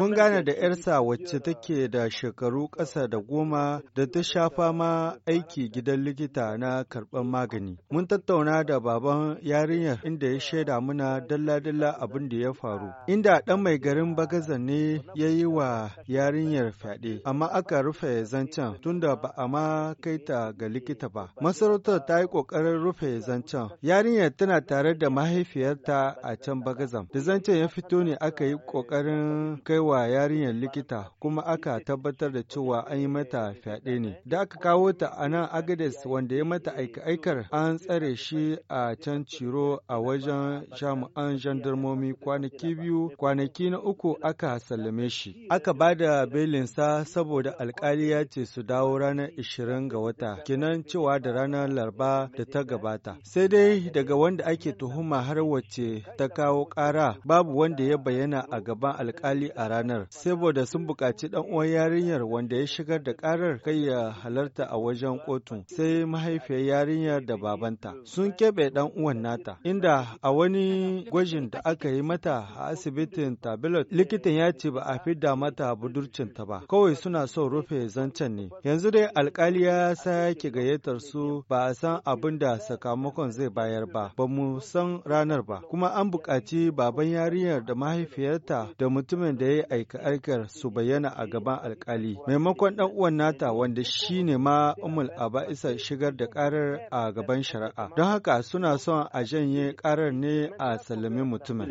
Mun gane da ‘yarsa wacce take euh, da shekaru ƙasa da goma da ta sha fama aiki gidan likita na karɓar magani. Mun tattauna da baban yarinyar inda ya shaida muna dalla-dalla abin da ya faru. Inda dan mai garin Bagaza ne ya yi wa yarinyar fyaɗe, amma aka rufe zancen tunda ba a ma kai ta ga likita ba. Masarautar ta yi ƙoƙarin rufe zancen. Yarinyar tana tare da mahaifiyarta a can bagazan Da zancen ya fito ne aka yi ƙoƙarin wa yarinyar likita kuma aka tabbatar da cewa an yi mata fyaɗe ne. Da aka kawo ta a nan Agades wanda ya mata aika-aikar an tsare shi a can Ciro a wajen jami'an jandarmomi kwanaki biyu kwanaki na uku aka sallame shi. Aka ba da belinsa saboda alkali ya ce su dawo ranar ishirin ga wata kinan cewa da ranar laraba da ta gabata. Sai dai daga wanda ake tuhuma har wace ta kawo ƙara babu babu wanda ya bayyana a gaban alkali a ranar saboda sun buƙaci dan uwan yarinyar wanda ya shigar da karar kai ya halarta a wajen kotun sai mahaifiyar yarinyar da babanta sun keɓe dan uwan nata inda a wani gwajin da aka yi mata a asibitin Tabilot likitan ya ce ba a fidda mata budurcin ta ba kawai suna son rufe zancen ne yanzu dai alkali ya sake gayyatar su ba a san abin da sakamakon zai bayar ba ba mu san ranar ba kuma an buƙaci baban yarinyar yarinyar da mahaifiyarta da mutumin da ya yi aika-aikar su bayyana a gaban alkali maimakon dan uwan nata wanda shi ne ma umul aba'isa shigar da karar a gaban shari'a don haka suna son a janye karar ne a sallame mutumin